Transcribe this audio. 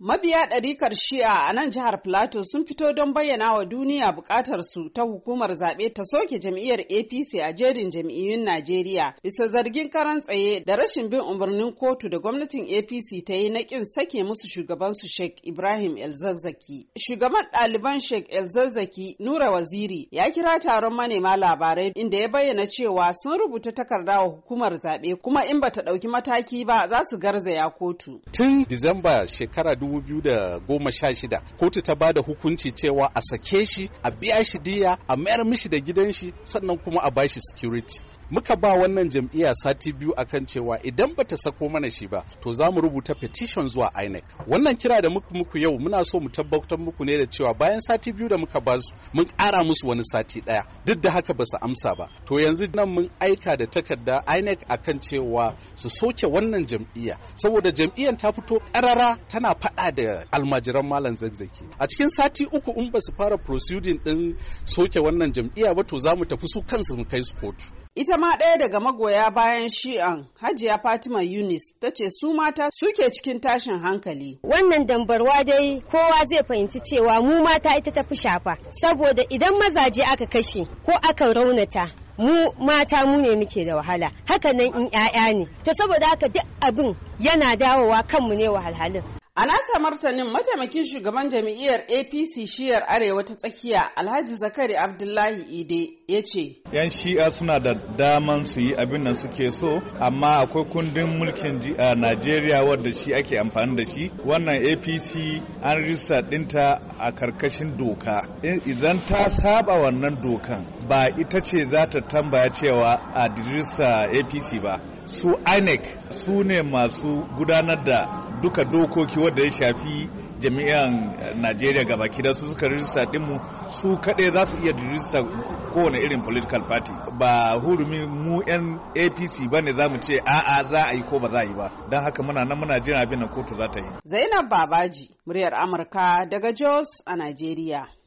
Mabiya ɗarikar Shi'a a nan jihar Plateau sun fito don bayyana wa duniya buƙatar su ta hukumar zaɓe ta soke jam'iyyar APC a jerin jam'iyyun Najeriya bisa zargin karan tsaye da rashin bin umarnin kotu da gwamnatin APC ta yi na ƙin sake musu shugaban su Sheikh Ibrahim Elzazzaki. Shugaban ɗaliban Sheikh Elzazzaki Nura Waziri ya kira taron manema labarai inda ya bayyana cewa sun rubuta takarda wa hukumar zaɓe kuma in bata ɗauki mataki ba za su garzaya kotu. Tun Disamba shekara 2016 kotu ta bada hukunci cewa a sake shi a biya shi diya a mayar mishi da gidan shi sannan kuma a bashi security muka ba wannan jam'iyya sati biyu akan cewa idan bata sako mana shi ba to za mu rubuta petition zuwa INEC wannan kira da muku muku yau muna so mu tabbatar muku ne da cewa bayan sati biyu da muka ba su mun ƙara musu wani sati ɗaya duk da haka ba su amsa ba to yanzu nan mun aika da takarda INEC akan cewa su soke wannan jam'iyya saboda jam'iyyar ta fito ƙarara tana faɗa da almajiran malam zazzaki a cikin sati uku in ba su fara proceeding din soke wannan jam'iyya ba to za mu tafi su kansu mu kai su kotu Ita ma ɗaya daga magoya bayan shi'an Hajiya Fatima Yunis ta ce su mata suke cikin tashin hankali. Wannan dambarwa dai kowa zai fahimci cewa mu mata ita tafi shafa saboda idan mazaje aka kashe ko aka raunata mu mata mu ne muke da wahala haka nan in 'ya'ya ne to saboda haka duk abin yana dawowa kanmu ne wahalhalin A nasa martanin mataimakin shugaban jami'iyar APC shiyar Arewa ta tsakiya Alhaji Zakari Abdullahi Ide ya ce. 'Yan shi'a suna da daman su yi abin da suke so, amma akwai kundin mulkin a Najeriya wadda shi ake amfani da shi. Wannan APC an rista dinta a karkashin doka. Idan ta saba wannan dokan ba ita ce za ta tambaya cewa a rista APC ba. Su INEC su ne masu gudanar da duka dokoki wadda ya shafi jami'an eh, najeriya ga baki da su suka rijista dinmu su kaɗai za su iya rijista kowane irin political party ba hurumi mu yan apc ba ne za mu ce a'a za a yi ko ba za a yi ba don haka muna nan muna jira abin da kotu za ta yi zainab babaji muryar amurka daga jos a najeriya